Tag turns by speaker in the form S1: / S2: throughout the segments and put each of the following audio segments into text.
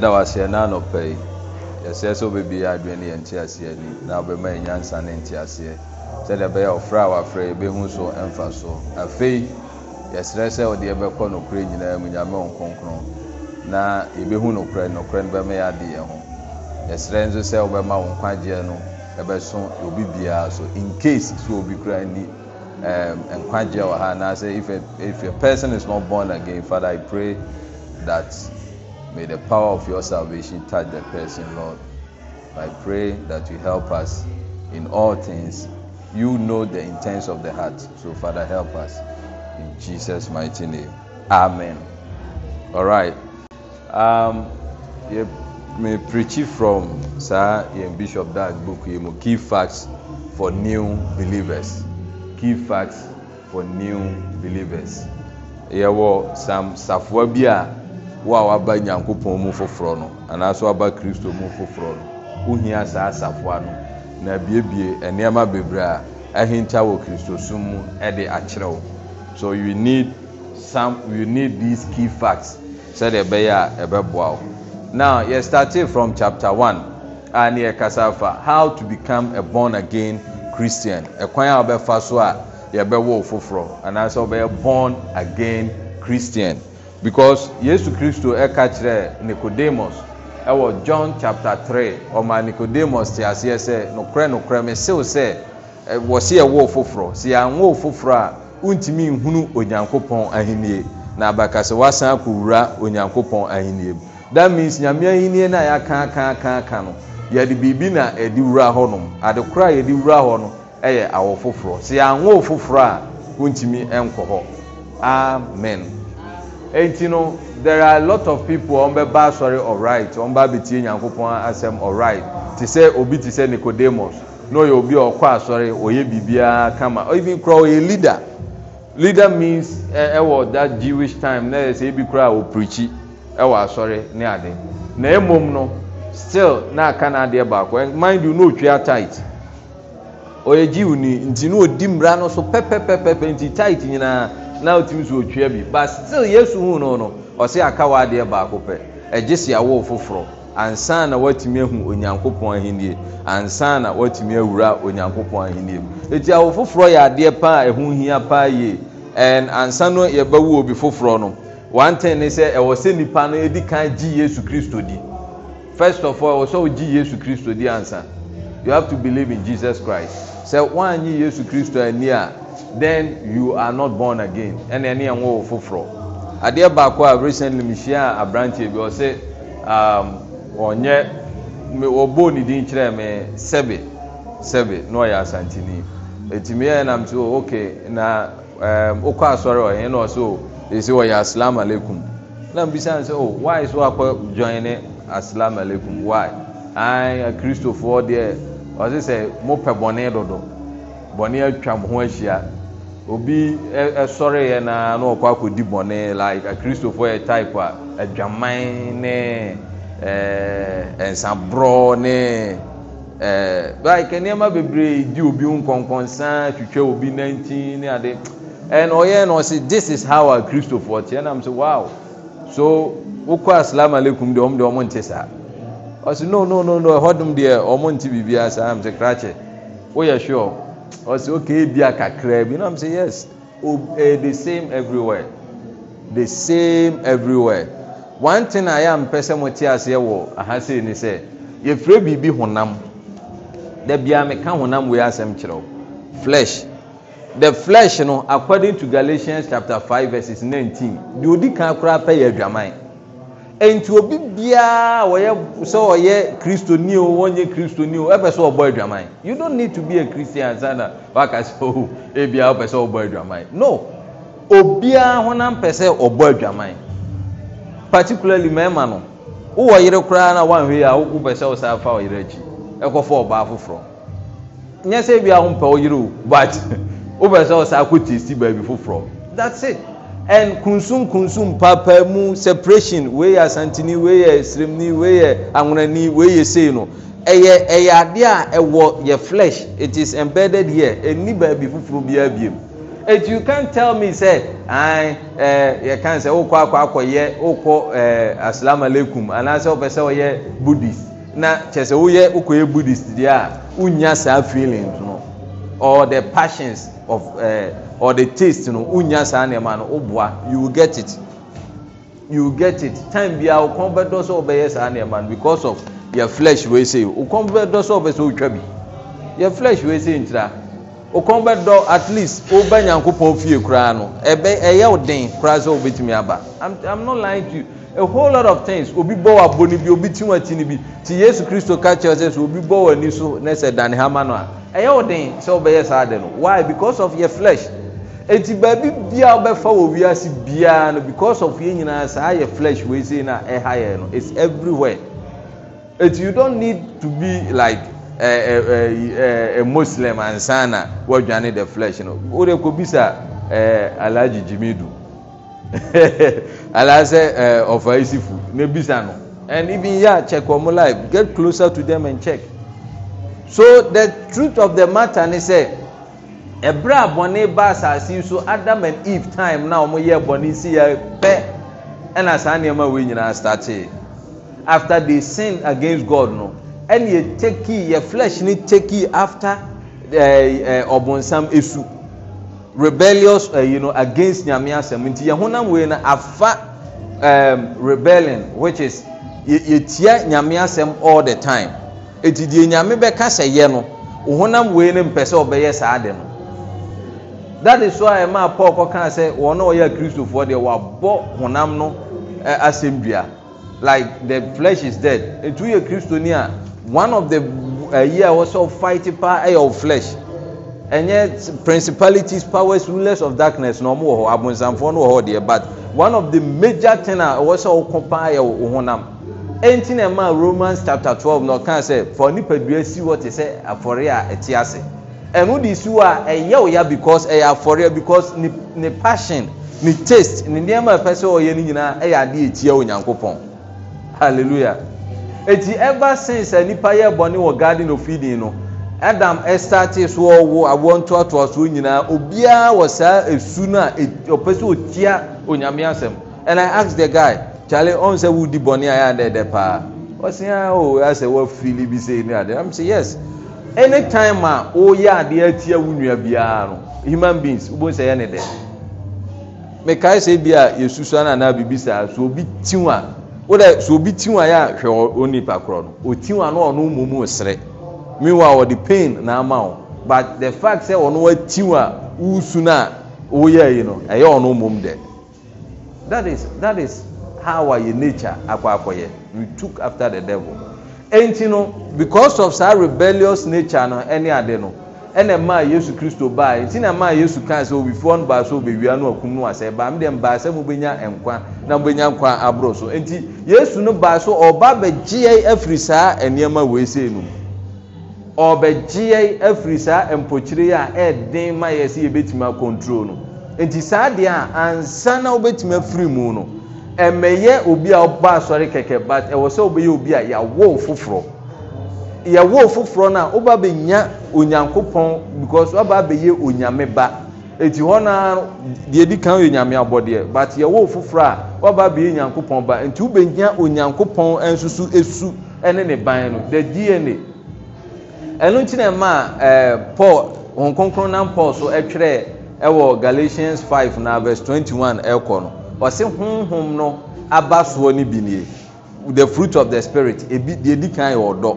S1: da waseɛ no anɔpa yi yɛsɛ sɛ wobɛbie adwene ne yɛ nteaseɛ ni na wobɛma yɛ nyansa ne nteaseɛ sɛdeɛ ɛbɛyɛ ɔfrɛ a wafrɛ yɛbɛhu so ɛmfa so afei yɛsrɛ sɛ wode yɛbɛkɔ nokorɛ nyinaa mu nyame wo nkronkron na yɛbɛhu nokorɛ nokorɛ no bɛma yɛ ade yɛ ho yɛsrɛ nso sɛ wobɛma wo nkwagyeɛ no ɛbɛso obi biara so in case sɛ obi kura ni um, nkwagyeɛ wɔ ha anaasɛ if a, if a person is not born again father i pray that May the power of your salvation touch the person, Lord. I pray that you help us in all things. You know the intents of the heart. So, Father, help us. In Jesus' mighty name. Amen. All right. Um, yeah, me preach from Sir Ian Bishop Dark book, key facts for new believers. Key facts for new believers. Yeah, well, some Safwabia. wo a waba nyankopɔn mu foforɔ no anaaso aba kristo mu foforɔ no wohia saa asafoa no na biebie nnoɔma bebree a ɛhinta wɔ kristosom mu ɛde akyerɛ wo so you need some you need these key facts sɛdeɛ ɛbɛyɛ a ɛbɛboa wo now yɛ started from chapter one a ne yɛ kasa fa how to become a born again christian ɛkwan a wɔbɛfa so a yɛbɛwɔ foforɔ anaasɛ wɔbɛyɛ born again christian. because yesu kristo ɛka kyerɛ nicodemus ɛwɔ john chapter 3 ɔma nicodemus te aseɛ sɛ nokorɛ nokorɛ me sew sɛ wɔ se yɛwoo foforɔ sɛ yɛanwoo foforɔ a wontumi nhunu onyankopɔn ahennie na abakasɛ woasan akɔwura onyankopɔn ahennie mu that means nyame ahennie aka aka aka no yɛde biribi na ɛde wura hɔ nom ade kora a yɛde wura hɔ no ɛyɛ awɔ foforɔ sɛ yɛanwoo foforɔ a wontumi ɛnkɔ hɔ amen enti no there are a lot of people ɔmbɛba asɔre ɔright ɔmba bɛtie nyankopɔn asɛm ɔright te sɛ obi te sɛ nicodemus na ɔyɛ obi a ɔkɔ asɔre ɔyɛ biribiara kama ebi kora ɔyɛ leader leader means ɛwɔ e, e, that jewish time na yɛ sɛ ebi kora ɔpirikyi ɛwɔ asɔre ne ade na emom no still na aka na adeɛ baako and mind you no otwea tight ɔyɛ jiw ni nti na odi mmira no so pɛpɛpɛpɛ nti tight nyinaa. na wotumi so ɔtwa bi but still yesu hu no no ɔse aka w'adeɛ baako pɛ ɛgye si awo foforɔ ansa na watumi ahu onyankopɔn ahennie ansa na watumi awura onyankopɔn ahennie eti awo foforɔ yɛ adeɛ paa ɛho hia paa yie and ansa no yɛbɛwu obi foforɔ no wanten ne sɛ ɛwɔ sɛ nipa no edi kan gye yesu kristo di first of all ɛwɔ sɛ ɔgye yesu kristo di ansa you have to believe in jesus christ sɛ wɔn anyi yesu kristo ani a. then you are not born again ɛna ɛne ɛnwo wɔ foforɔ adeɛ baako a recently mehyia a aberanteɛ bi ɔsɛ um, ɔnyɛ ɔbɔɔ ne din kyerɛɛ me sɛbe sɛbe na ɔyɛ asanteni ɛtumi yɛ nam sɛ oh, ok na wokɔ um, asɔre ɔyɛ na ɔsɛ o oh, ɛsɛ ɔyɛ aslam alaikum na mbisane sɛ o oh, why so akɔ join ne aslam alaikum why ai akristofoɔ deɛ ɔsɛ sɛ mopɛ bɔne dodo bɔne atwa mo ho ahyia obi sɔreeɛ naa na ɔkɔ akɔdi bɔne like akristofo yɛ type a adwaman ne nsaborɔ ne like nnoɔma bebree di obi ho nkɔnkɔnsaa twitwa obi nantin ne ade ɛn ɔyɛ no ɔse this is how a kristofoɔ teɛ nam sɛ wow so wokɔ assalam alaikum deɛ ɔm deɛ ɔmo nte saa ɔse no no no no ɛhɔdom deɛ ɔmo nte biribiaa asaa m sɛ krakyɛ woyɛ sure ɔsɛ okay bia kakra bi na m sɛ yes eh, the same everywhere the same everywhere one thing a yɛ ampɛ sɛ mo te aseɛ wɔ ahasee ni sɛ yɛfrɛ biribi honam da bia meka honam wei asɛm kyerɛw flesh the flesh no according to Galatians chapter five verses nineteen deɛ odi kan koraa pɛ yɛ adwaman. ɛnti obi biara wɔyɛ sɛ ɔyɛ kristoni o wɔnyɛ kristoni o ɛpɛ sɛ ɔbɔ adwaman you don't need to be a christian sana oh, eh, waka sɛ o ebia ɔpɛ sɛ ɔbɔ adwaman no obiara honam pɛ sɛ ɔbɔ adwaman particularly mɛɛma no wowɔ yere koraa na wanhwɛ a wopɛ sɛ wo saa fa ɔyere akyi ɛkɔfa ɔbaa foforɔ nyɛ sɛ ebia ho mpɛ wo yere o but wopɛ sɛ wo saa kɔ testi baabi foforɔ that's it. and kunsunkunsum paapaa mu separation wei yɛ asanteni wei yɛ sremni wei yɛ anwonani wei yɛ sei no ɛyɛ ɛyɛ adeɛ a ɛwɔ yɛ flesh it is embedded here ɛni baabi foforɔ biara biem if you can tell me say ɛn ɛɛ yɛ kan sɛ wokɔ eh, akɔ akɔyɛ wokɔ ɛɛ asalaamualeykum anaasɛ wopɛ sɛ wɔyɛ buddhist na kyɛ sɛ woyɛ wokɔyɛ buddhist deɛ a wonya saa feelings no or the passions of ɛɛ. Uh, eh, Or the taste no wonya saa nnoɔma no woboa you get it you get it time biaa wo kɔn bɛdɔ sɛ wobɛyɛ saa nnoɔma no because of your flesh wei sei wo kɔn bɛdɔ sɛ wobɛ sɛ wotwa bi Your flesh wei say, ntira wo kɔn bɛdɔ at least woba nyankopɔn fie koraa no ɛbɛ ɛyɛ wo den koraa sɛ wobɛtumi aba i'm i'm not lying to you a whole lot of things obi bɔ wabɔ ni bi obi ti wɔn ti ni bi ti yesu kristo ka kyerɛ sɛ obi bɔ wa ani so na sɛ dan hama no a ɛyɛ wo den sɛ wobɛyɛ saa de no why because of your flesh eti baabi bia wobɛfa wɔ wiase biara no because of yɛn nyinaa saa yɛ flesh wei sei na ɛha yɛ no it's everywhere eti you don't need to be like a a a a muslim ansana wɔdwane the flesh no o de ko bisa ɛɛ eh, alhaji jimmy do alaasɛ ɛɛ eh, ɔfa esifu ne bisa no and even yeah check wɔn life get closer to them and check so the truth of the matter ni sɛ ɛberɛ a bɔne ba asase yi so adam and eve time na ɔmoyɛ bɔne si yɛ pɛ ɛna saa nnoɔma wei nyinaa statee after they sin against god no ɛne yɛ tekii yɛ flesh ne tekii after eh, eh, ɔbonsam ɛsu rebellious eh, you know against nyame asɛm nti yɛ honam wei no afa ehm, rebellion which is yɛtia nyame asɛm all the time ɛti deɛ nyame bɛka sɛ yɛ no wo honam wei no mpɛ sɛ ɔbɛyɛ saa de no that is why ma paul kɔkaa sɛ wɔn a wɔyɛ kristofoɔ deɛ wɔabɔ honam no asɛmdua like the flesh is dead etu yɛ kristoni a one of the ɛyi a wɔsɛ ɔfight paa ɛyɛ ɔ flesh ɛnyɛ principalities powers rulers of darkness na ɔmo wɔ hɔ abonsamfoɔ no wɔ hɔ deɛ but one of the major thing a ɛwɔ sɛ ɔko paa yɛ wo honam ɛnti na ɛma romans chapter twelve na ɔkaa sɛ for nipadua si wɔ te sɛ afɔre a ɛte ase ɛho de si a ɛyɛ oya because ɛyɛ afɔre because ne ne passion ne taste ne nneɛma a ɛpɛ sɛ ɔyɛ no nyinaa ɛyɛ adeɛ etia onyankopɔn hallelujah eti ever since a nipa yɛ bɔne wɔ garden of Eden no Adam ɛstaate so ɔwɔ awoɔ ntoatoasoɔ nyinaa obiara wɔ saa esu no a ɔpɛ sɛ otia onyame asɛm and I ask the guy kyale ɔn sɛ wodi bɔne a yɛ adɛɛdɛ paa ɔsi ah o oh, asɛ wɔ fili bi sɛ ɛnu adi I'm say yes. anytime a woyɛ adeɛ atia awu nnua biara no human beings wobɛhu sɛ yɛ ne dɛ mekae sɛ bi a yɛsusua no anaa biribi saa sɛ obi tiw a wodɛ sɛ obi tiw a yɛ a hwɛ onipa korɔ no ɔtiw a na ɔno mmomu sere meanwhile wɔde pain na ama wo but the fact sɛ ɔno watiw a wosu no a woyɛ yi no ɛyɛ ɔno mmom dɛ that is that is how our nature akɔ akɔyɛ we took after the devil ɛnti no because of saa rebellious nature no ɛne ade no ɛna mmaa yesu kristo baa e. nti na mmaa yesu kaa sɛ owifoɔ no baa so obewia no akum no asɛ baa mi deɛ mbaa sɛ mo benya nkwa na mo benya nkwa aboro so nti yesu no baa so ɔba bɛgyeɛ afiri saa nneɛma wɔesei no ɔbɛgyeɛ afiri saa mpɔkyerɛ a ɛɛden ma yɛ sɛ yɛbɛtumi akɔntrol no nti saa deɛ a ansa na wobɛtumi afiri mu no. ɛmɛyɛ obi a ɔba asɔre kɛkɛ but ɛwɔ sɛ wobɛyɛ obi a yɛawo foforɔ yɛwo foforɔ no a woba bɛnya onyankopɔn because ɔba bɛyɛ onyame ba ɛti hɔ noa deɛ di kan yɛ onyame abɔdeɛ but yɛwo foforɔ a woaba bɛyɛ onyankopɔn ba ɛnti wobɛnya onyankopɔn nsusu esu ɛne ne ban no the dna ɛno nti ne ɛma a eh, paul hon kronkron nam paul so ɛtwerɛɛ ɛwɔ galatians five na vers one ɛkɔ no ɔse honhom no aba soɔ no bi nie the fruit of the spirit ebi deɛ di kan yɛ ɔdɔ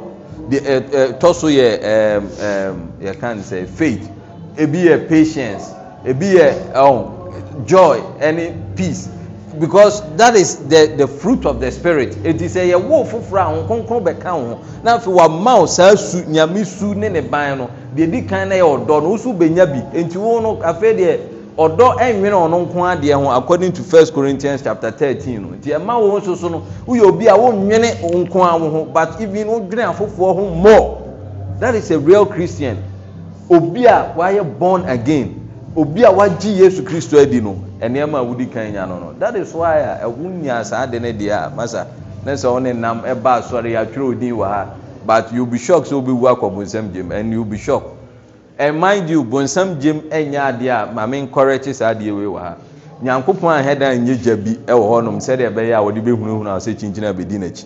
S1: deɛ ɛtɔ so yɛ ɛɛm ɛɛm yɛ kan sɛ faith ebi yɛ patience ebi yɛ ɛwɔn joy ɛne peace because that is the the fruit of the spirit eti sɛ yɛ wo foforɔ a ho kɔnkɔn bɛka ho na afei wama o saa su nyame su ne ne ban no deɛ di kan na yɛ ɔdɔ no o so benya bi nti wo no afei deɛ. ɔdɔ nwene ɔno nko adeɛ ho according to 1 corinthians chapter 13 no nti ɛma wo nso so no woyɛ obi a wonwene wo nko a ho but even wodwene afoforɔ ho more that is a real christian obi a wayɛ born again obi a wagye yesu kristo adi no ɛnneɛma a wodi kan nya no no that is why a ɛho nya saa de no deɛ a masa ne sɛ wo ne nam ɛba asɔre yɛatwerɛ odin wɔ ha but you be shocked sɛ wobɛwu akɔbonsɛm gyem and you be shocked mind you bonsam gyem nyɛ adeɛ a mame nkɔrɛkye saa adeɛ wei wɔ ha nyankopɔn a hedan nyɛ gya bi wɔ hɔnom sɛdeɛ ɛbɛyɛ a wɔde bɛhunuhunu a sɛ kyinkyini a bɛdi n'akyi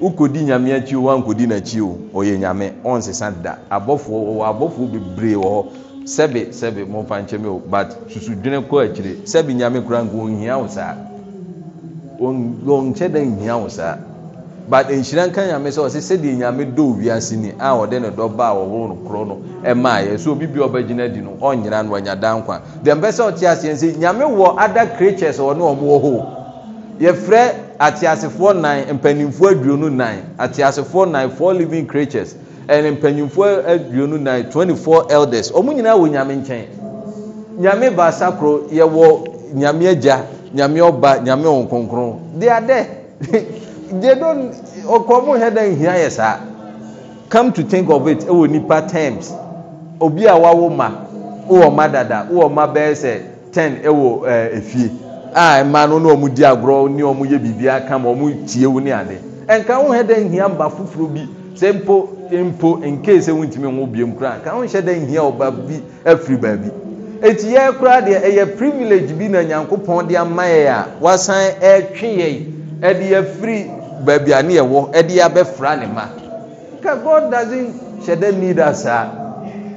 S1: wokɔdi nyame akyi o woankɔdi n'akyi o ɔyɛ nyame ɔnsesa da abɔfoɔ wɔwɔ abɔfoɔ bebree wɔ hɔ sɛbe sɛbe momfa nkyɛme o but susudwene kɔ akyire sɛbe nyame koraa nka ɔnhia wo saa ɔnkyɛ da nhia wo saa but nhyira nka nyame sɛ ɔsɛ sɛdeɛ nyame dɔ wiase ni a ɔde ne dɔ ba a wɔwɔ no korɔ no ɛmaayɛ so obi bi ɔbɛgyina di no ɔnyina no ɔnya dankwa deɛ mpɛ sɛ ɔte aseɛ sɛ nyame wɔ other creatures ɔne ɔmo wɔ hɔ yɛfrɛ ateasefoɔ nan mpanimfoɔ aduonu nan ateasefoɔ nan four living creatures ɛne mpanimfoɔ aduonu nan twenty four elders ɔmo nyinaa wɔ nyame nkyɛn nyame baasa koro yɛwɔ nyame agya nyame ɔba nyame wɔn kronkron deɛ adɛ. they don't ɔkɔmɔ hɛ dɛ nhia yɛ saa come to think of it ɛwɔ oh, nipa terms obi a wawo ma wowɔ oh, ma dada wowɔ oh, ma bɛyɛ sɛ ten ɛwɔ ɛɛ efie a mmaa no na wɔn di agorɔ ne wɔn yɛ biribi aka ma wɔn tie wo ne ade nka ho hɛ dɛ nhia mba foforɔ bi sɛ mpo mpo nkee sɛ eh, wɔntumi ho biem kora nka ho hyɛ dɛ nhia ɔba bi afiri baabi eti yɛ kora deɛ ɛyɛ eh, privilege bi na nyankopɔn de ama yɛ a wasan ɛɛtwe eh, yɛ ɛde yɛ baabi a ne yɛwɔ ɛde abɛfra ne ma ka god doesn't hyɛ dɛ need us a ah.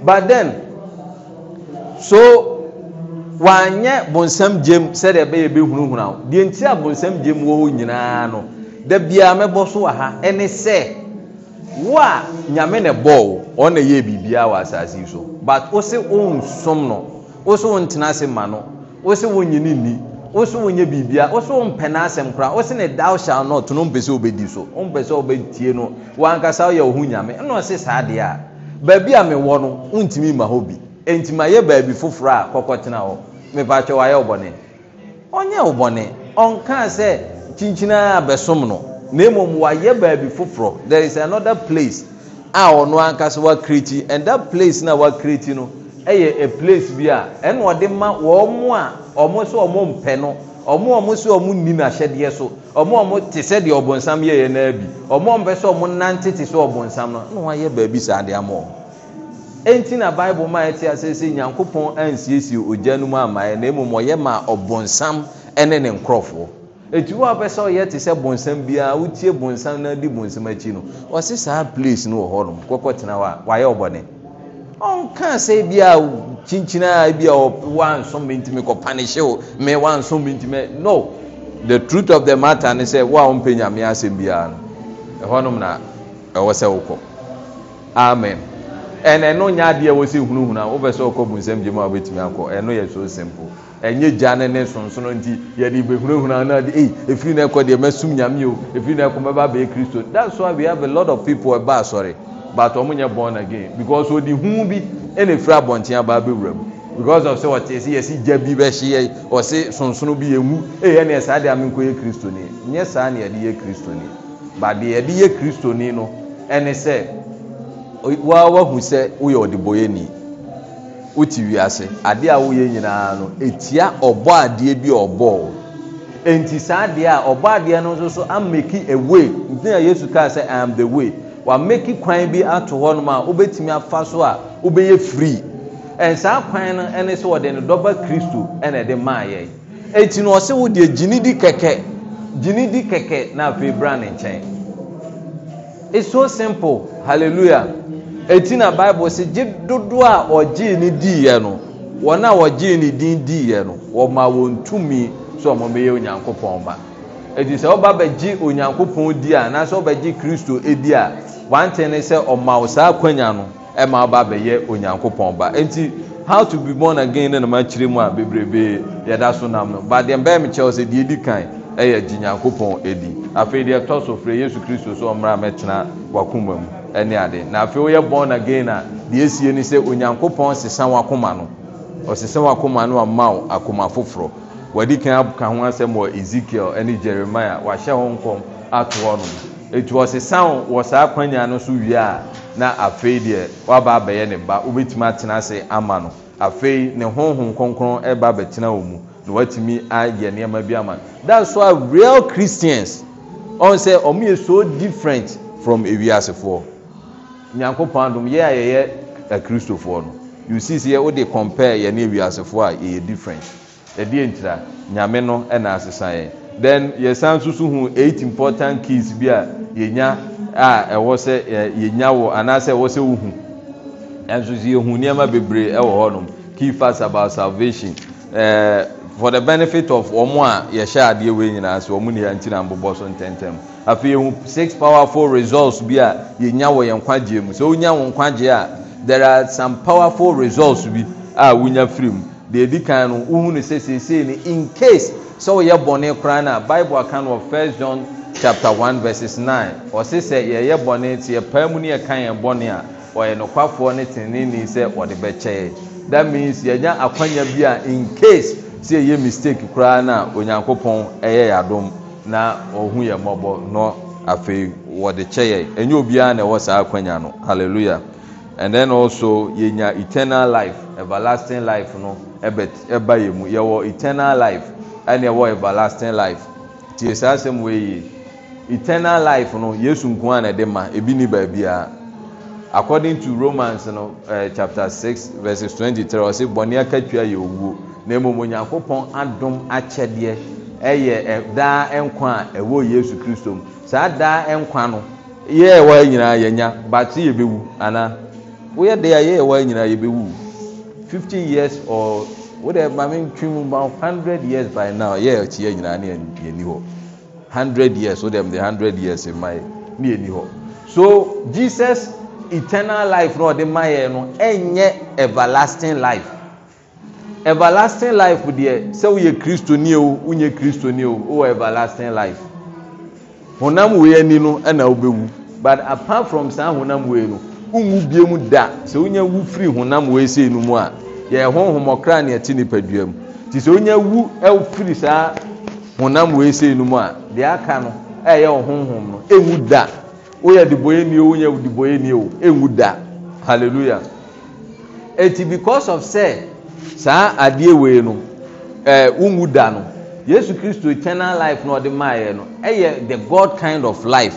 S1: but then so wanyɛ bonsam gyem sɛdeɛ ɛbɛyɛ bɛhunuhuna o deɛ nti a bonsam gyem wɔ hɔ nyinaa no da biara mɛbɔ so wɔ ha ɛne sɛ wo a nyame ne bɔɔ wo ɔna yɛ biribiara wɔ asase yi so but wo se wo nsom no wo se wo ntena ase ma no wo se nyini ni wo so wonyɛ osu wo so wompɛ ne asɛm koraa wo sene dow shall no so wompɛ sɛ no woankasa woyɛ wo nyame saa deɛ a baabi a mewɔ no wontumi mma hɔ bi ɛnti baabi foforɔ a kɔkɔtena hɔ mepaakyɛ wayɛ wo bɔne ɔnyɛ wo ɔnkaa sɛ na baabi yɛ a place bi a ɛna ɔde ma wɔmo a ɔmo sɛ ɔmo mpɛ no ɔmo ɔmo sɛ ɔmo so ɔmo te ɔbɔnsam yɛyɛ naa bi sɛ nante te sɛ ɔbɔnsam no na wɔayɛ baabi saa adeɛ ama ɔmo ɛnti na bible ma ɛte ansiesie ogya no mu na mmom ɔyɛ ma ɔbɔnsam ne etu wo sɛ ɔyɛ te ɔnka sɛ bia kyinkyinaa bia woansom bɛntimi kɔpanehye wo me woansom bɛntimi no the truth of the matter ne sɛ wo a wompɛ nyame asɛm biara no ɛhɔ na ɛwɔ sɛ wokɔ amen ɛnɛ ɛno nyɛ adeɛ wɔ sɛ hunuhuna wofɛ sɛ ɔkɔ bunsɛm gyemu a wobɛtumi akɔ ɛno yɛ so simple ɛnyɛ gya ne ne sonsono nti yɛde bɛhunahuna na de ei ɛfiri no ɛkɔ deɛ mɛsum nyame o ɛfiri no ɛkɔ mɛba bɛyɛ kristo that's why we have a lot of people ɛba eh, asɔre but ɔmo nyɛ born again because odi hu bi ɛna e efura abɔnten aba abɛwura mu because of sɛ ɔte sɛ yɛsi gya bi bɛhyɛ yɛ ɔse sonsono bi yɛ mu eya ne saa de ame nko yɛ kristo ni nyɛ saa ne yɛde yɛ kristo ni but deɛ yɛde yɛ kristo ni no ɛne sɛ waa wahu sɛ woyɛ ɔdebɔyɛ ni wote wiase adeɛ a woyɛ nyinaa no etia ɔbɔ adeɛ bi ɔbɔɔ nti saa adeɛ a ɔbɔ adeɛ no nso so ameki away ntina yesu kaa sɛ i am the way. wameki kwan bi ato hɔnom a wobɛtumi afa so a wobɛyɛ firi ɛnsa kwan no ɛne sɛ wɔde no dɔba kristu ɛna ɛde maayɛ ɛnti no ɔsɛ wo deɛ gyini di kɛkɛ gyini di kɛkɛ na afei bra ne nkyɛn it's so simple hallelujah ɛti na bible sɛ gye dodo a ɔgyee ne yɛ no wɔn a wɔgyee ne din diiɛ no wɔma wɔn tumi sɛ ɔmɔmɛyɛ onyankopɔn ba ɛti sɛ woba bɛgye onyankopɔn di a anaasɛ wobɛgye kristo di a wante ne sɛ ɔma wo saa akwanya no ɛma ɔba abɛyɛ onyankopɔn ba nti how to be born again ne nama kyerɛ mu a bebrebee yɛda so nam no but deɛ mbɛn mi kyerɛw sɛ deɛ edi kan ɛyɛ gye nyankopɔn edi afei deɛ ɛtɔ so fure yesu kristo so ɔmra mɛtena wakoma mu ɛne ade na afei woyɛ born again a deɛ esie ne sɛ onyankopɔn sesa wakoma no ɔsesa wakoma no ama wo akoma foforɔ wɔde kan aka ho asɛm wɔ ezekiel ɛne jeremiah wahyɛ ho nkɔm ato hɔ ɛti ɔsesan wɔ saa kwanya no so eh, wie a na afei deɛ waba abɛyɛ ne ba wobɛtumi atena ase ama no afei ne honhom kronkron ba bɛtena wɔ mu na watumi ayɛ nnoɔma bi ama no thats why real christians ɔn sɛ ɔmo yɛ so different from ewiasefoɔ nyankopɔn adom yɛ a yɛyɛ akristofoɔ no you see sɛ wode compare yɛne ewiasefoɔ a yɛyɛ different ɛdeɛ ntira nyame no ɛna asesa yɛn then yɛsan nso so hu eight important keys bi a yɛnya a ɛwɔ sɛ yɛnya wɔ anaasɛ ɛwɔ sɛ wohu ɛnso so yɛhu nneɛma bebree ɛwɔ hɔnom key facts about salvation ɛɛ for the benefit of wɔn a yɛhyɛ adeɛ wei nyinaa so wɔn nyinaa ntina mbobɔ so ntɛntɛn afei yɛhu six powerful results bi a yɛnya wɔ yɛn nkwagyeɛ mu so wonya wɔn nkwagyeɛ a there are some powerful results bi a wonya firi mu deɛ edi kan no wohu no sɛ seesei no in case sɛ wɔyɛ bɔnne koraa na bible aka wɔ first john chapter one, verses 9 ɔse sɛ yɛyɛ bɔne nti yɛpae mu ne yɛka yɛn bɔne a ɔyɛ nokwafoɔ ne teneneni sɛ ɔde bɛkyɛɛ that means yɛnya akwanya bi a in case sɛ yɛyɛ mistake koraa na a onyankopɔn ɛyɛ yɛ adom na ɔhu yɛ mmɔbɔ no afei wɔde kyɛ yɛ ɛnyɛ obiara na ɛwɔ saa akwanya no hallelujah and then also yɛnya eternal life everlasting life no ɛbɛ ɛba yɛ mu yɛwɔ eternal life ɛna ɛwɔ everlasting life tie saa asɛm wɔ yie eternal life no yesu nko a na ɛde ma ebi ni baabiara according to romans no uh, chapter six verses twenty-three ɔsi bɔnni akatua yɛ owuo na emom onyankopɔn adom akyɛdeɛ ɛyɛ daa nkwa a ɛwɔ yesu kristo mu saa daa nkwa no yɛ ɛwɔ nyinaa yɛ nya baate yɛ bɛwu ana woyɛ de a yɛ ɛwɔ nyinaa yɛ bɛwu fifty years or wodɛ maame ntwi mu about hundred years by now yɛ ɛkyi yɛ nyinaa ne yɛ ni hɔ. Hundred years so dem dey hundred years mmaeɛ ne ɛni hɔ so jesus eternal life na ɔde mayɛ no ɛnyɛ everlasting life everlasting life deɛ sɛ woyɛ kristoni o wonyɛ kristoni o wowɔ everlasting life honam wei ani no ɛna wobɛwu but apart from saa honam wei no wonwu bie mu da sɛ wonya wu free honam wei sei no mu a yɛyɛ honhomɔkra ne ɛte nipadua mu nti sɛ wonya wu ɛwɔ e firi saa honam weesei no mu a deɛ aka no ɛyɛ e wo honhom no ɛnwu e da woyɛ debɔyɛni o woyɛ debɔyɛni Nio. ɛnwu e da halleluya ɛnti because of sɛ saa adeɛ wei no ɛɛ wonwu da no yesu kristo eternal life na ɔde maa yɛ no ɛyɛ the god kind of life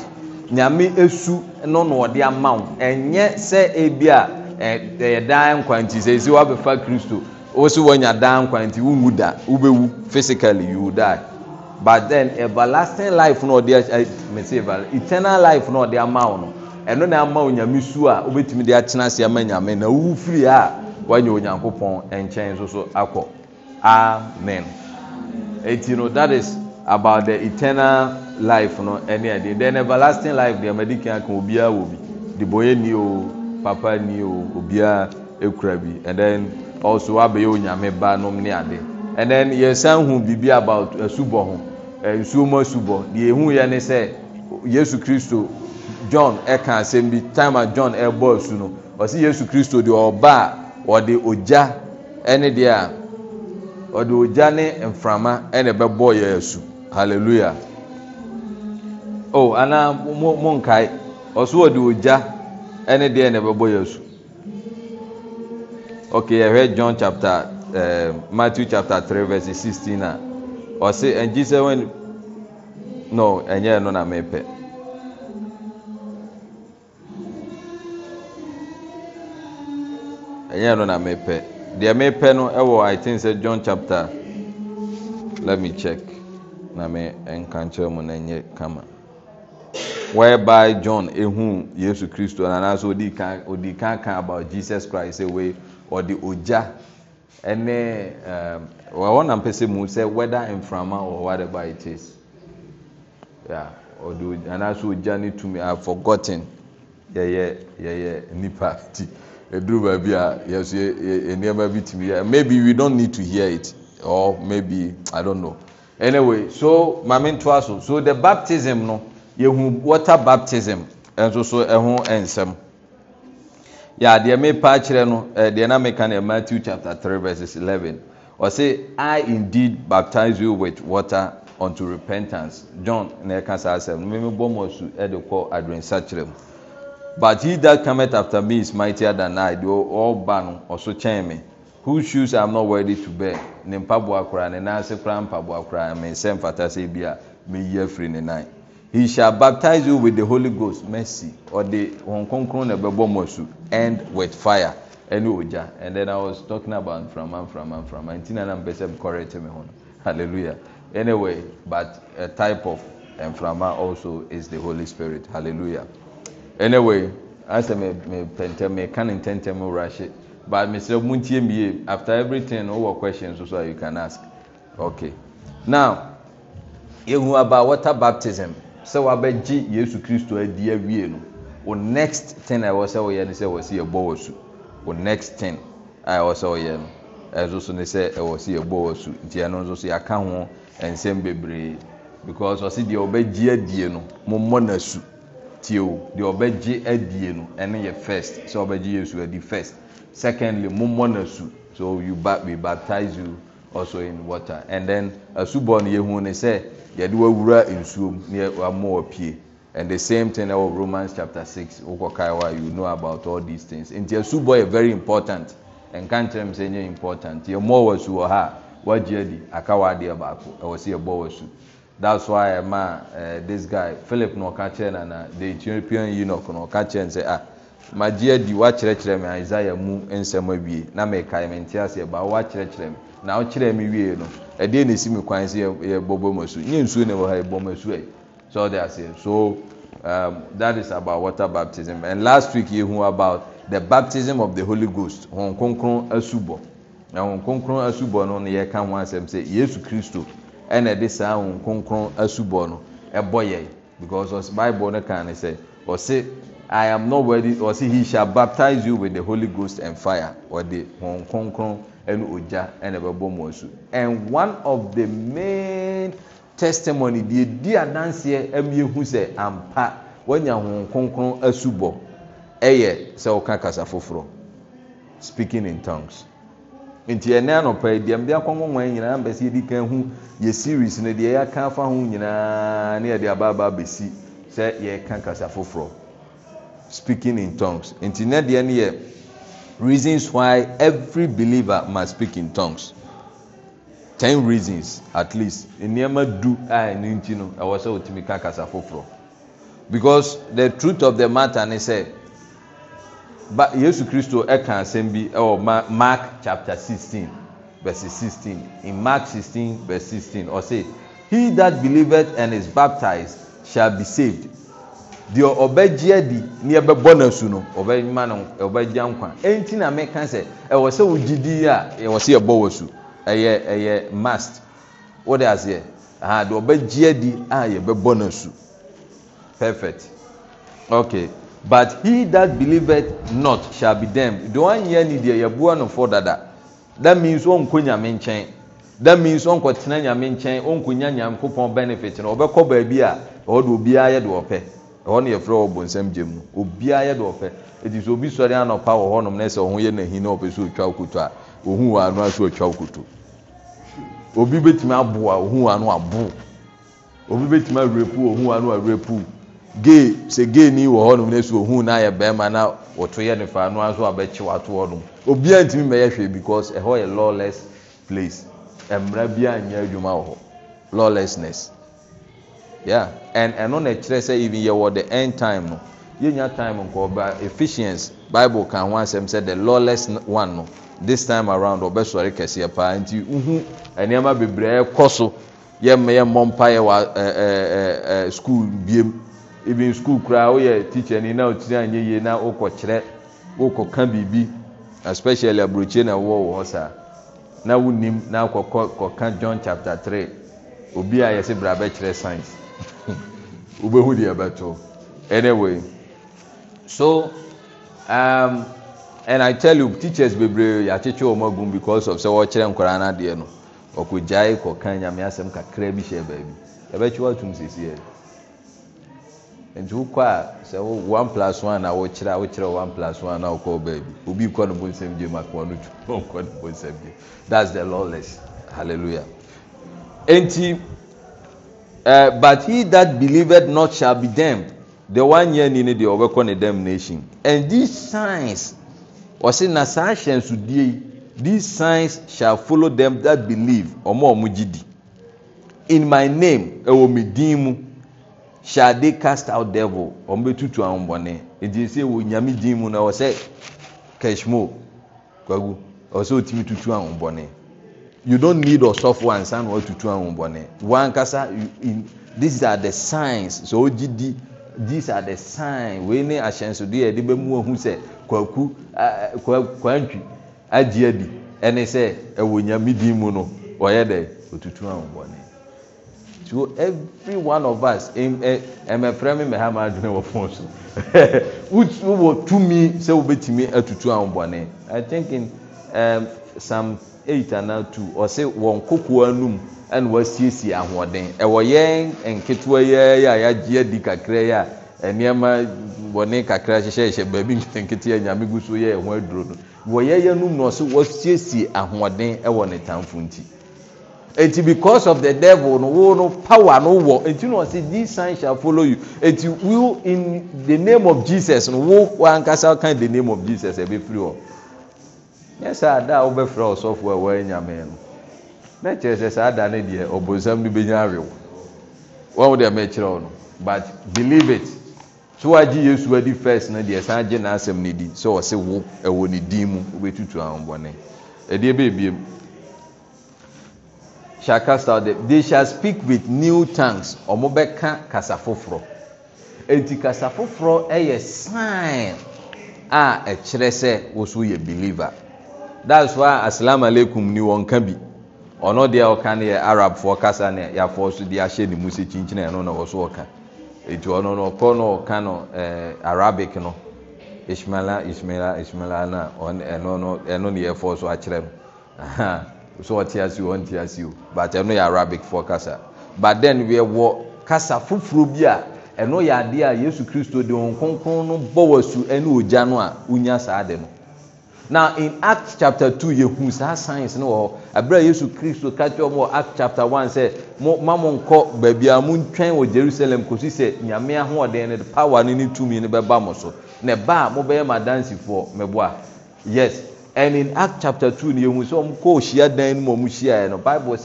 S1: nyame esu no na ɔde ama wo ɛnyɛ sɛ ebi a ɛyɛ dan nkwanti sɛ esi wabɛfa kristo wosi wɔnya dan nkwanti wonwu da wobɛwu physically you die. e everlasting life eternal life n ɔdemao no ɛno ne amao nyame su a wobɛtumi de akena asema nyame na owu firi a woanyɛ onyankopɔn nkyɛn so so akɔ eai eternal life nvelasting life deɛmadkabiɔ bi de bɔɛni papa ni o obiara kura bi nsowoabɛyɛ o nyame ba nom neade nyɛsa hu birbi about asubɔ ho Eh, nsuo mu asubɔ deɛ ehu yɛ ne sɛ yesu kristo john ɛka eh, asɛm bi time a john ɛbɔ eh, asu no ɔsi yesu kristo deɛ ɔba a ɔde ogya ɛne deɛ a ɔde ogya ne mframa ɛna ɛbɛbɔ yɛ asu hallelujah Oh, anaa mo mo nkae ɔso ɔde ogya ɛne deɛ ɛna ɛbɛbɔ yɛ asu okay yɛhwɛ john chapter uh, matthew chapter three verse sixteen a. Uh, ɔse g sɛɛ ɛyɛɛno na mepɛ deɛ meepɛ no wɔ i t sɛ john chapter letme chɛck na me nkankyerɛ mu na ɛyɛ kama wby john huu yesu kristo nanas ɔdii kaka about jesus christ ɛwei ɔde gya ɛne wɔwɔ nam pɛ sɛ mu sɛ whether mframa or whatever it is yeah ɔde anaasɛ ogya ne tumi i have forgotten yɛyɛ yɛyɛ nipa ti eduru baabi a yɛso yɛ nneɛma bi tumi yɛ maybe we don't need to hear it or maybe i don't know anyway so maame ntoa so so the baptism no yɛhu water baptism ɛnso so ɛho nsɛm yɛ adeɛ mepa akyerɛ no eh, deɛ na meka no eh, Matthew chapter three verses eleven ɔse I indeed baptize you with water unto repentance John na ɛka saa asɛm no mmemme bɔ mu asu ɛde eh, kɔ adwensakyerɛ mu but he that cometh after me is mightier than I deɛ ɔba no ɔso kyɛn me whose shoes I am not worthy to bear ne mpaboa koraa ne nan ase koraa mpaboa koraa me nsɛm fata sɛ bi a meyi afiri ne nan. he shall baptize you with the holy ghost mercy or the kronkron na ɛbɛbɔ mo asu and with fire ɛne ogya and then i was talking about nframa nframa nframa nti na nam pɛsɛ correct me ho hallelujah anyway but a type of nframa also is the holy spirit hallelujah anyway asɛ me me can't ka ne ntɛntɛm rahyɛ but mesrɛ mu ntie mie after everything wowɔ question so so you can ask okay now yehu about water baptism. sɛ wabɛgye yesu kristo adi awie no o next ten a ɛwɔ sɛ wɔyɛ no sɛ ɛwɔ sɛ yɛbɔ wɔ su o next ten a ɛwɔ sɛ wɔyɛ no ɛnso so ne sɛ ɛwɔ sɛ yɛbɔ wɔ su nti ɛno nso so yɛaka ho nsɛm bebree because ɔsi deɛ ɔbɛgye adie no mo mmɔ na su tie o deɛ ɔbɛgye adie no ɛne yɛ first sɛ ɔbɛgye yesu adi first secondly mo mmɔ na su so you ba we baptize you. inwternt asubɔ no yɛhune sɛ yɛde wawura nsuom nmpie the sametirmas chaper 6wo s s nti asubɔyɛ very impotant nkankyeɛm sɛyɛiptant ymsuɔhɔa wgyedi aka adebaak wɔsɛ yɛbɔ su thats wy maa eh, this guy philip no ɔka kyerɛ nanetpninonoɔka krɛ nɛ magye adi woakyerɛkyerɛ me isaiah mu nsɛmawie na meka mente aseɛba wakyerɛkyerɛ me na wokyerɛ me wiee no ɛde nosim kwan sɛ yɛbɔbɔmasuyɛsuoɔmsuoisɛs um, thais abu water baptism n last week yɛu about the baptism of the holy ghost ho kronkron asubɔ h kronkron asubɔ no n yɛka ho asɛm sɛ yesu khristo ɛne de saa hon kronkron asubɔ no bɔ yɛe bible no ka nsɛɔs nesa baptise you wit the holy ghost and fire ɔde hoh kronkrnnogya ne bɛbɔ mɔ asu noe of the main testimony deɛdiadanseɛ myɛhu sɛ ampa wanya hoh kronkron asubɔ yɛ sɛ woka kasa foforɔ speaking in tonges nti ɛne anɔpa diakaanyinaa ɛsɛyɛdia hu yɛ series no deɛ ɛka afa ho nyinaa ne ɛde baba bɛsi sɛ yɛka kasa foforɔ speaking in tongues nti ne deɛ yɛ reasons why every believer must speak in tongues ten reasons at least nneɛma du a ɛno nti no ɛwɔ sɛ wotumi ka kasa foforɔ because the truth of the matter ne sɛ ba yesu kristo ɛka asɛm bi ɛwɔ mark chapter sixteen verse sixteen in mark sixteen verse sixteen ɔsɛ he that believeth and is baptized shall be saved deɛ ɔbɛgye adi ne ɛbɛbɔ n'asu no ɔbɛma no ɔbɛgya nkwa ɛnti na meka sɛ ɛwɔ sɛ wogyidi a ɛwɔ sɛ yɛbɔ w'asu ɛyɛ ɛyɛ must wode aseɛ ha deɛ ɔbɛgye adi a yɛbɛbɔ n'asu perfect okay but he that believeth not shall be damned deɛ wanyɛ ni deɛ yɛboa no fo dada that means ɔnkɔ nyame nkyɛn that means ɔnkɔ tena nyame nkyɛn ɔnkɔ nya nyame kopɔn benefit na ɔbɛkɔ baabi a ɔwɔ de obiara yɛ de ɔpɛ. ɛhɔ no yɛfrɛ wɔ bonsam gya mu obiaa yɛde ɔpɛ ɛti sɛ obi sɔre anɔpa wɔ hɔnom no sɛ ɔho yɛ na ɔpɛ sɛ ɔtwaw koto a ɔhu wɔ ano asɛ ɔtwaw koto obi bɛtumi abo a ɔhu wɔ ano abo obi bɛtumi awerɛpu ɔhu wɔ ano awerɛpu gay sɛ gay ni wɔ hɔnom no sɛ ɔhu no ayɛ bɛrima na wɔto yɛ nifa fa ano aso abɛkyew ato hɔnom obiaa ntumi mɛyɛ hwɛ because ɛhɔ yɛ lawless place mmara biaa nyɛ adwuma wɔ hɔ lawlessness Yeah, and ɛno no kyerɛ sɛ even yɛwɔ the end time no yɛnya time nkɔɔba efficience bible ka ho asɛm sɛ the lawless one no this time around ɔbɛsɔre kɛseɛ paa nti uhu nnoɔma bebree kɔ so yɛmmɔ mpayɛ wɔ school biem even sukuul koraa woyɛ teachani na ɔtianyɛ yie na wokɔkyerɛ wokɔka biribi especially aburokyie na wowɔ wɔ hɔ saa na wonim na akɔkɔka john chapter three. obi a yɛsɛ brabɛkyerɛ science wobɛhu deɛ bɛto anyway so um, and i tell you teachers bebree yɛakyekye wɔ m agum because of sɛ wɔkyerɛ nkwaraa no adeɛ no ɔkɔgyae kɔka nyame asɛm kakra bi hyɛ baabi yɛbɛkye woatom sɛsiɛ nti wokɔ a sɛ plus one na wokyerɛ a wokyerɛ plus one na wokɔ baabi obi kɔ no bonsɛm gye makoa no tu ɔnkɔ no bonsɛm gye that's the lawless hallelujah enti Eh, but he that believeth not shall be damned the one year ni ne deɛ ɔbɛkɔ ne damnation and these signs ɔsi na saa ahyɛnsodie these signs shall follow them that believe ɔmo a ɔmo in my name ɛwɔ mi din mu shall they cast out devil ɔmo bɛ tutu ahom bɔnɛ edi esi ɛwɔ nyame din mu na ɔsɛ kashmo kwagu ɔsɛ otimi tutu ahom bɔnɛ you don't need ɔsɔfo ansa na watutu ahombɔne wankasa these are the signs so ogyi di these are the signs wei ne ahyɛnsodeɛ yɛde bɛ mu ohun sɛ kwaku kwantwi agye adi ɛne sɛ ɛwɔ nyamidi mu no ɔyɛ dɛ otutu ahombɔne so every one of us ɛmɛfrɛ mi mɛha maa dwene wɔ fon so wɔ tumi sɛ wobɛtumi atutu ahombɔne i think in um, some eight anaa two ɔsɛ wɔn kokoa num ɛna wɔasiesie ahoɔden ɛwɔ yɛn nketewa yɛɛ a yɛagye adi kakra yɛ a nneɛma wɔne kakra hyehyɛhyehyɛ baabi nketenkete a nyame gu so yɛ ɛho aduro no wɔ yɛyɛ num na ɔsɛ wɔasiesie ahoɔden ɛwɔ e ne tamfo nti eti because of the devil no wo no power no wɔ eti na ɔsɛ these signs shall follow you eti will in the name of Jesus no wo wankasa kan the name of Jesus ɛbɛfiri e hɔ nyɛ saa da a wobɛfrɛ ɔsɔfo a wɔyɛ nyame no na kyerɛ sɛ saa da no deɛ ɔbonsam no bɛnya awew wɔn deɛ mɛkyerɛ wo no but believe it so wagye yesu adi first no deɛ san gye n'asɛm no di sɛ ɔse wo ɛwɔ e ne din mu wobɛtutu e ahombɔne ɛdeɛ e beebiem shall cast out they shall speak with new tongues ɔmo bɛka kasa foforɔ eti kasa foforɔ ɛyɛ sign a ɛkyerɛ sɛ woso yɛ believer that's why assalamu alaikum ni wɔn ka bi ɔno deɛ ɔka no yɛ arabfoɔ kasa ne yɛafoɔ so de ahyɛ ne mu sɛ kyinkyini ɛno na ɔwɔ ɔka ɛti ɔno no ɔkɔ no ɔka no arabic no ismaila ismaila ismaila na ɛno no ɛno ne yɛfoɔ so akyerɛ no so ɔte ase ɔnte ase o but ɛno yɛ arabic foɔ kasa but then yɛwɔ kasa foforɔ bi a ɛno yɛ adeɛ a yesu kristo de wɔn kronkron no bɔ wɔ su ɛne ogya no a wonya saa de no Now in Acts chapter two yɛhu ah, science no wɔ oh. Yesu Kristo ka Acts chapter one sɛ ma mo nkɔ baabi a mo ntwɛn wɔ Jerusalem kɔsi sɛ ne power ni ne tumi ne bɛba mo so na ɛba a ma yes and in Acts chapter 2 no e yɛhu sɛ wɔn kɔ ohyia no a Bible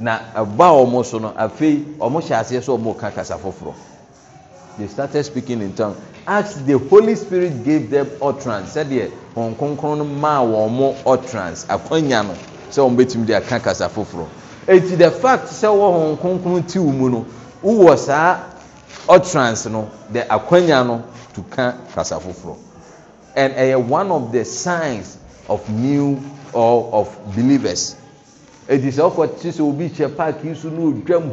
S1: na no they started speaking in tongues acts the holy spirit gave them utterance sɛdeɛ wɔn kronkron no maa wɔn mo utterance akɔnya no sɛ wɔn bɛtumi de aka kasa foforɔ eti the fact sɛ wɔ wɔn kronkron ti wɔn mu no wowɔ saa utterance no the akɔnya no to ka kasa foforɔ and ɛyɛ one of the signs of new or of believers. ɛdi sɛ ɔfɔe sɛ obi hyɛ paki s no ɔdwam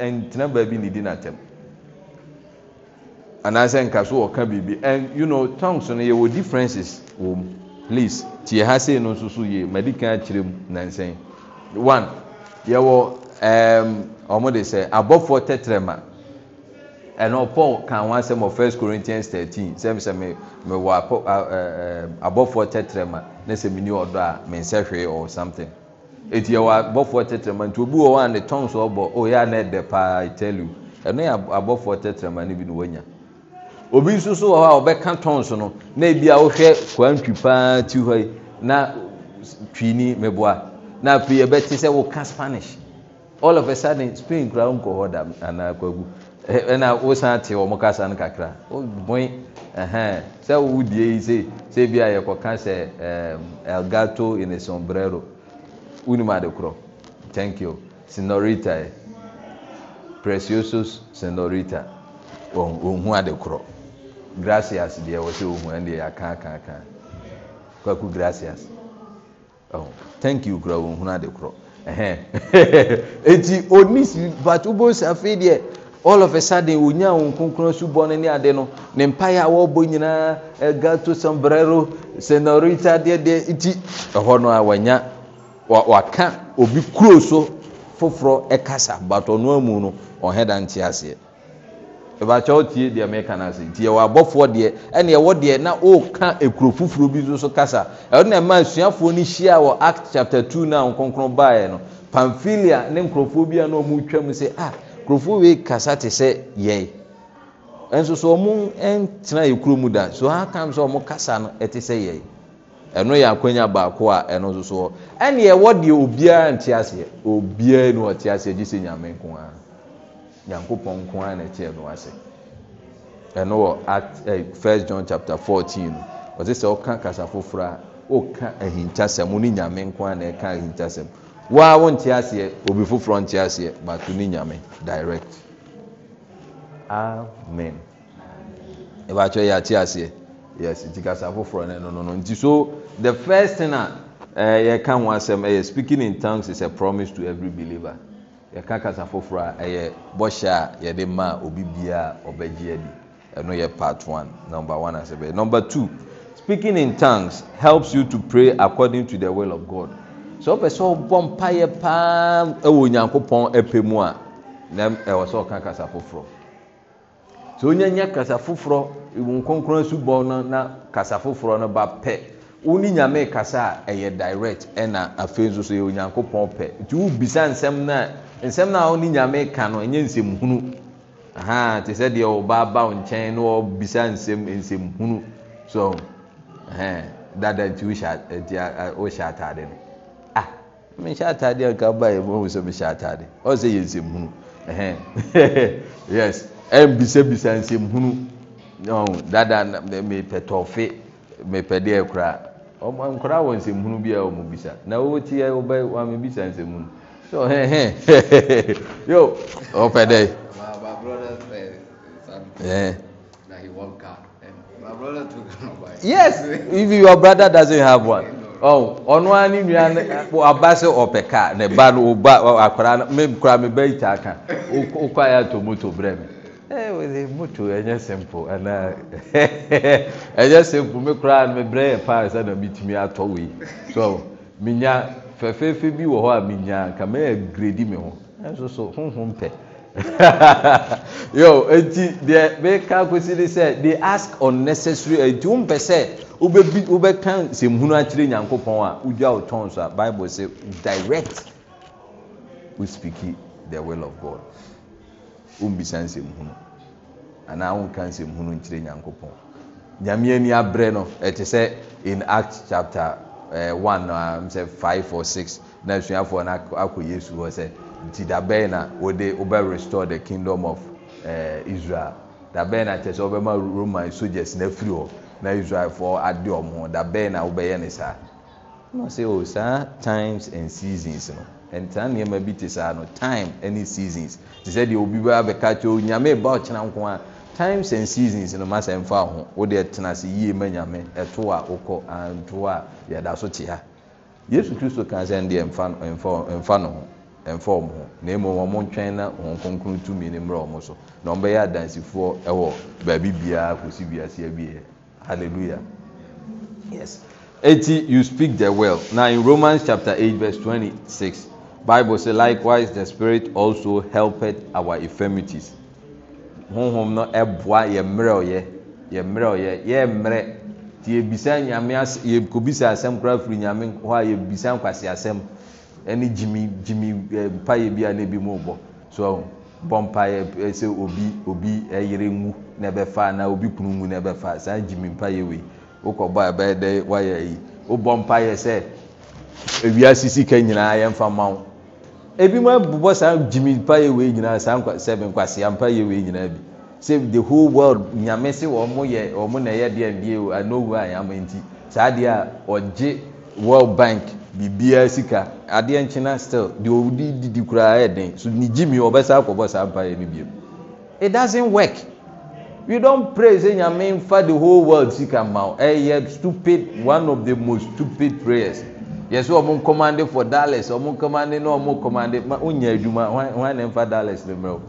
S1: ntenabaabi ne di no atɛm anaasɛ nka so ɔka biribi nn tonk so no yɛwɔ differences wom pleas ntiyɛ ha sei no nsusu yie madi ka akyerɛ m nansɛ yɛwɔ ɔmo de sɛ abɔfoɔ tɛtrɛma ɛnopaul ka wa asɛ mɔ 1irs corinthians 13 sɛmesɛ mewɔ abɔfoɔ tɛtrɛ ma ne sɛ meni ɔdɔ a mensɛ hwee ɔ something ɛti yɛwɔ abɔfoɔ tetrɛma nti obi wɔ hɔ a ne tɔn so ɔbɔ o oh, yɛ a na ɛdɛ paa I tell you ɛno yɛ abɔfoɔ tetrɛma no bi na wɔnya obi nso so wɔ hɔ a ɔbɛka tɔn so no na ebi a wohwɛ kwantwi paa ti hɔ yi na twini meboa na afei yɛbɛte sɛ woka Spanish all of a sudden Spain kura nkɔ hɔ da anaa kwagu ɛna eh, wosan te wɔn kasa no kakra oboe ɛhɛn sɛ wodie yi se se bi a yɛkɔka sɛ ɛɛm elgato in sombrero wunim ade korɔ thank you senorita yɛ preciosos senorita wɔn ohun ade korɔ gracias deɛ wɔsɛ ohun ɛn deɛ yɛaka kankan kwaku gracias ɔn thank you korɔ wɔn ohun ade korɔ ɛhɛn eti onisi but ubo safi deɛ. all of a sudden wonya wo nkonkron so bɔ no ne ade no ne mpaeɛ a wɔbɔ nyinaa gato sombrero senorita deɛdeɛ oh, nti oh. a wanya obi kuro so foforɔ ɛkasa but ɔno amu no ɔhɛda nte aseɛ ɛbɛkyɛ wotie deɛ meka no ase nti yɛwɔ abɔfoɔ deɛ ɛne ɛwɔ deɛ na ɔreka ɛkuro foforɔ bi nso kasa na hyia act chapter two ne bi a ah nkurɔfoɔ wei kasa te sɛ yɛe nso so ɔmo ntena yɛ kuro mu da so ha kam sɛ ɔmo kasa no ɛte sɛ yɛe ɛno yɛ akɔnya baako a ɛno nso so ɛne ɛwɔ deɛ obiara nte aseɛ obiara ne ɔte aseɛ gye sɛ nyame nko ara nyankopɔn nko ara na ɛte ɛno ase ɛno wɔ act ɛ first john chapter fourteen ɔte sɛ ɔka kasa foforɔ a ɔka ahintasɛm ne nyame nko ara na ɛka ahintasɛm. woa wonte aseɛ obi foforɔ nte aseɛ bato ne nyame direct amen ɛbɛakyerɛ yɛ ate aseɛ yes nti kasa foforɔ no no no no nti so the first thing a eh, yɛka ho asɛm ɛyɛ eh, speaking in tongues is a promise to every believer yɛka kasa foforɔ a ɛyɛ bɔhyɛ a yɛde ma obi biara ɔbɛgye adi ɛno yɛ part one number one asɛ bɛyɛ number two speaking in tongues helps you to pray according to the will of God. sɛ wopɛ sɛ wobɔ mpayɛ paa wɔ onyankopɔn apɛ mu a nam ɛwɔ sɛ ɔka kasa foforɔ sɛ onyanya kasa foforɔ wo kronkron asubɔn no na kasa foforɔ no ba pɛ wo ne nyame kasa a ɛyɛ direct ɛna afei nso so yɛ onyankopɔn pɛ nti wobisa nsɛm no a nsɛm no a wo ne nyame ka no ɛnyɛ nsɛmhunu nti sɛdeɛ wɔba ba wo nkyɛn na wɔbisa nsɛm nsɛmhunu so dada nti wohyɛ atade no mehyɛ ataade akabayɛ mu sɛ mehyɛ ataade ɔ sɛ yɛ nsɛmhununbisa bisa nsɛmhunu dad mepɛtɔfe mepɛdeɛ koraa nkora wɔ nsɛmhunu bi a ɔmbisa na otiɛwobɛ ame bisa nsɛmunu sɛdv you broter dsa ɔno oh, a ne nua aba abasị ɔpɛ ka ne ba no akwara me ba yita aka ya atɔ moto berɛ me moto ɛnyɛ simple anaa ɛnyɛ simple me koraa no mebrɛ yɛ paa sɛna so menya fefefe bi wọ hɔ a kame nka mɛyɛ nti deɛ meka kosi ne sɛ de ask unnecessary nti eh, wompɛ sɛ wobɛka nsɛmhunu akyerɛ nyankopɔn a wogya wo tɔn so a bible sɛ direct wo speaki the will of god wombisa nsɛmhunu anaa wonka nsɛmhunu nkyerɛ nyankopɔn nyame ani abrɛ no ɛte sɛ in act chapter 1 eh, 5 um, or 6 na asuafoɔ no akɔ yesu hɔ sɛ nti dabɛn na wɔde wɔbɛ restore the kingdom of ɛɛ eh, Israel dabɛn na kyerɛ sɛ wɔbɛma Roman soldiers na afiri hɔ na Israelfoɔ ade wɔn ho dabɛn na wɔbɛyɛ ne saa ɛna ɔsɛ o saa times and seasons no ntaa nneɛma bi te saa no time ɛne seasons te sɛ deɛ obi bɛ abɛka kyerɛ onyame ba ɔkyena nko a times and seasons no masa nfa ho wode tena ase yie ma nyame ɛto a wokɔ anto a yɛda so te ha yesu kristo kan sɛ ndeɛ mfa no ho ɛmfa ɔmo ho na mmom ɔmo ntwɛn na wɔn kronkron tumi ne mmerɛ ɔmo so na ɔmo bɛyɛ adansifoɔ ɛwɔ baabi biara kɔsi wiase abieɛ hallelujah yes eti you speak the well now in romans chapter eight verse twenty-six bible say likewise the spirit also helped our infirmities honhom no ɛboa yɛ mmerɛ ɔyɛ yɛ mmerɛ ɔyɛ yɛ mmerɛ ti ebisa nyame as yɛ kobisa asɛm koraa firi nyame hɔ a yɛ bisa nkwasi asɛm ɛne gyimi eh, mpayɛ bi a ne bi mu bɔ so bɔ mpaeɛ eh, sɛ obi eh, yere wu ne bɛfa na obi kunu wu ne bɛfa saa gyimi mpayɛ wei wokɔbɔ a ɛbɛyɛ dɛ wayɛ yi wobɔ mpayɛ sɛ sisi sika nyinaa yɛmfa ma wo ebi mu abobɔ saa gyimi mpayɛ wei nyinaa saa sɛbi nkwasea mpayɛ wei nyinaa bi sɛ the whole world nyame se wɔn mo yɛ wɔn na ɛyɛ deɛ mbie o anowu a yɛama nti saa deɛ a ɔgye world bank biribiaa sika adeɛ nkyena still deɛ ɔdedidi koraa yɛ den so negyimi ɔbɛsa akɔbɔ saa mpaɛ no bimu i dosnt work yidon prey sɛ nyame fa the whole world sika mma wo ɔyɛ stupid one of the most stupid prayers yɛ sɛ ɔmo kɔmmande fɔ dalus ɔmokɔmande ne ɔmmandewonyɛ adwuma ane mfa dales no mmrɛ o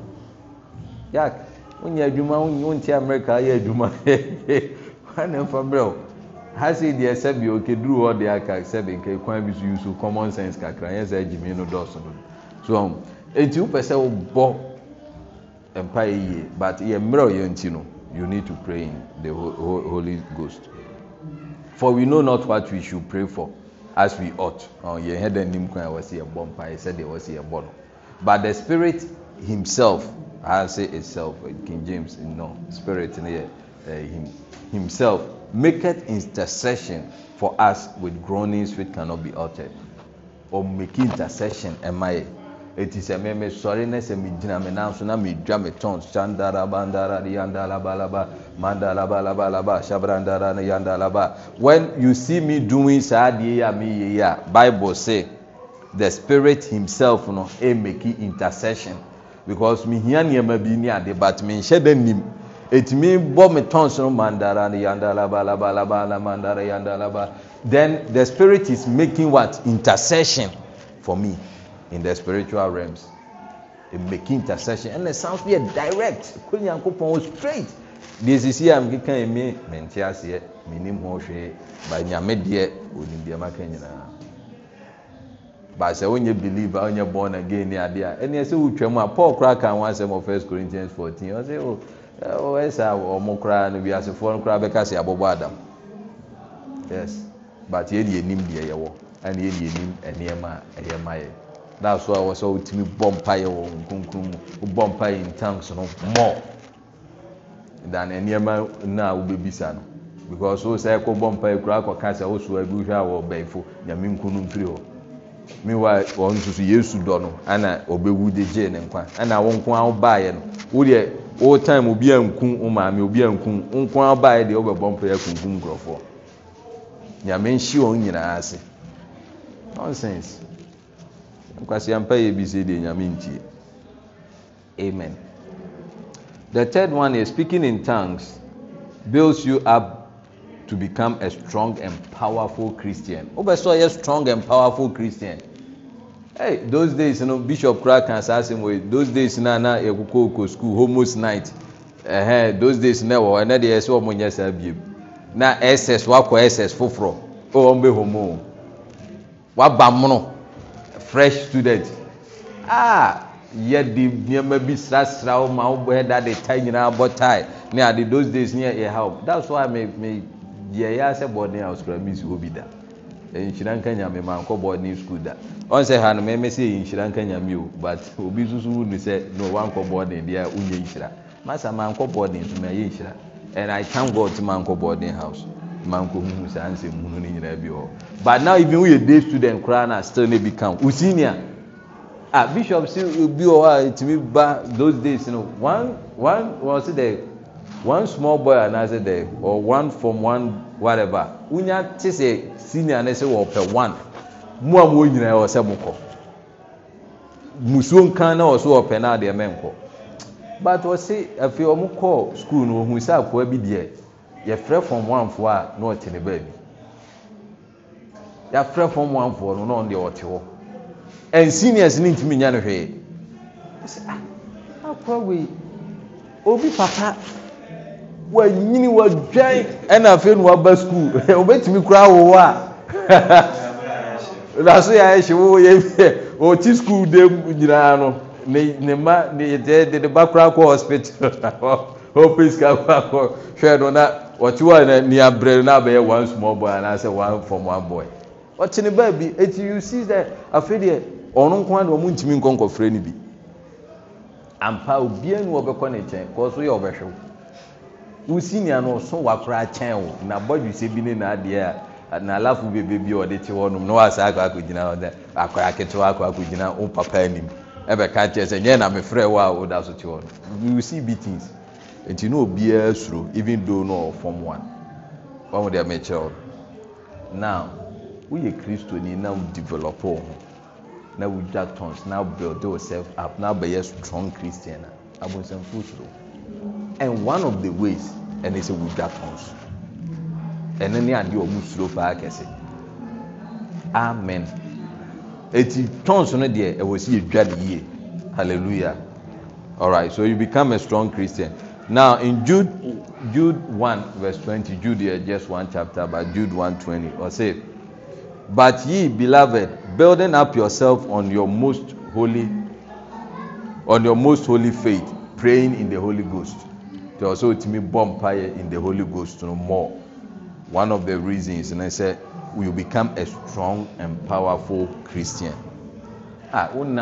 S1: ywonya adwuma wonte amerikayɛ adwuma ane mfa mmrɛ o ha sei deɛ sɛbi okeduru hɔ deɛ aka sɛbi nka kwan bi so use common sense kakra yɛn sɛ gyimi no dɔɔso no so um eti wopɛ sɛ wobɔ mpa yɛ yie but yɛ mmerɛ yɛn ti no you need to pray in the holy ghost for we know not what we should pray for as we ought ɔn yɛn hɛ dɛ nim kwan a wɔsi yɛ bɔ mpa yɛ sɛdeɛ wɔsi yɛ bɔ no but the spirit himself ha say itself king james no spirit ne yɛ eh, him himself maketh intercession for us with groanings which cannot be uttered make intercession ɛma yɛ eti sɛ mɛmɛ sɔre ne sɛ megyina me nan so na medwa me tɔn laba laba mandalabalabalaba shabrandara yandalaba when you see me doing saa adeɛ yi a meyɛ yi bible say the spirit himself no make intercession because mi mihia nneɛma bi ne ade but menhyɛ da nim. ɛtumi bɔ me tons no mandara yandalabalabalabalamandara then the spirit is making what intercession for me in the spiritual realms it making intercession it sounds yɛ direct kó nyankopɔn o straight deɛ sisi a mekeka yi mi mente aseɛ menim ho hwee ba nyame deɛ onim deɛ maka nyinaa ba sɛ you believe a wonyɛ born again ni adeɛ a ɛnna sɛ wotwa mu a paul koraa ka ho asɛm first corinthians fourteen ɔsɛ o. Oh, ɛsaa eh, ɔmo oh, koraa no wiasefoɔ no koraa bɛka se abɔbɔ adam yes but enim di deɛ yɛwɔ ɛne yɛde di nneɛma a ɛyɛ ma yɛ that's why wɔ sɛ wotumi oh, bɔ mpaeɛ wɔ nkonkron mu wobɔ mpaeɛ in tanks no more than nneɛma no a wobɛbisa no because wo sɛ ɛkɔ a nyame họ. meanwhile wɔn nso so yesu dɔ no ɛna ɔbɛwu de gye ne nkwa ɛna wɔn nko ara baayɛ no wodeɛ wɔn time obi a nku wɔn maame obi a nku nko ara baayɛ deɛ ɔbɛbɔ mpaeɛ kunkum nkurɔfoɔ nyame nhyi wɔn nyinaa ase nonsense nkwasi ampaeɛ bi sɛ deɛ nyame ntie amen the third one is speaking in tongues builds you up to become a strong and powerful Christian wobɛsɛ ɔyɛ strong and powerful Christian hey those days you know, Bishop kura kan saa asɛm those days na na ekoko oko school homos night ɛhɛn those days na ɛwɔ ɛnɛ deɛ ɛsɛ wɔn nyɛ saa biem na SS wakɔ SS foforɔ o wɔn bɛ homo waba mono fresh student ah yɛde nneɛma bi srasra wo ma wobɔ ɛda de tae nyinaa bɔ tae ne ade those days ne yɛ help that's why me me deɛ ɛyɛ a sɛ boarding house kora mi si hɔ bi da nhyira nka nyame ma nkɔ boarding school da ɔn sɛ ha no mɛmɛ sɛ ɛyɛ nhyira nka nyame o but obi nso so wunu sɛ no wankɔ boarding deɛ wonyɛ nhyira masa ma nkɔ boarding so ma ɛyɛ nhyira and i thank god to ma nkɔ boarding house ma nkɔ huhu saa nsɛm hunu no nyinaa bi hɔ but now even woyɛ day student koraa na still ne bi kan o senior ah bishop si bi wɔ hɔ a etimi ba those days no one one wɔn si dɛ. one small boy anaasɛ dị eh, or one from one whatever onye te sɛ senior ne wọ wɔpɛ one mụ a mo nyinaa wɔ sɛ mo kɔ musuo nkan na ɔso ɔpɛ na adeɛ mɛ nkɔ but ọsị efe ɔmo kɔ school no ohun sɛ bi deɛ yɛfrɛ from one foɔ a na ɔte ne baabi yɛafrɛ form one foɔ no na ɔno ɔte hɔ and seniors ne ntumi nya no hwee ɔsi ah akɔa wei obi papa. wanyini wadwan ɛna afei na ba sukuu wobɛtumi koraa wo a naso yɛ ayɛhyɛ wo yɛ ɔti sukuu dɛm nyinaa no ne ne ma ne de de de ba koraa kɔ hospital na ɔpɛ sika koraa kɔ hwɛ no na ɔte wa na ne abrɛ na abɛyɛ one small boy anaasɛ one from one boy ɔte ne baabi eti you see that afei deɛ ɔno nko ara na ɔmo ntumi nkɔ nkɔfrɛ no bi ampa obiara ni wɔbɛkɔ ne nkyɛn kɔɔ so yɛ ɔbɛhwɛ wosinia no ɔso wakora kyɛn wo na bɔdwesɛ bi ne naadeɛ a naalafo bebe bi a ɔde te hɔnom na waasaa akɔakɔgyina ɔdɛ akora ketewa akɔakɔgyina wo papa anim ɛbɛka kyerɛ sɛ nyɛ na mefrɛ wo a woda so te hɔ no you see beatings nti na obiara suro even though na ɔwɔ form one wɔn mo deɛ mekyerɛ wo now woyɛ kristoni na wo develop wo ho na wo dwa tons na build yourself up na abɛyɛ strong christian a abonsɛnfo soro and one of the ways ɛne sɛ wogya tɔn so ɛno ne adeɛ ɔ mu suro paa kɛse amen It's tɔnso no deɛ ɛwɔ sɛ yɛdwa ne yie hallelujah all right so you become a strong christian now in jude jude 1 verse 20 jude here just one chapter but jude one twenty. 20 or say but ye beloved building up yourself on your most holy on your most holy faith praying in the holy ghost ɔsɛ ɔtumi bɔ mpayɛ in the holy ghost no mɔ one of the reasons no sɛ we became a strong amdpowerful christian woaɛɛnhwewnm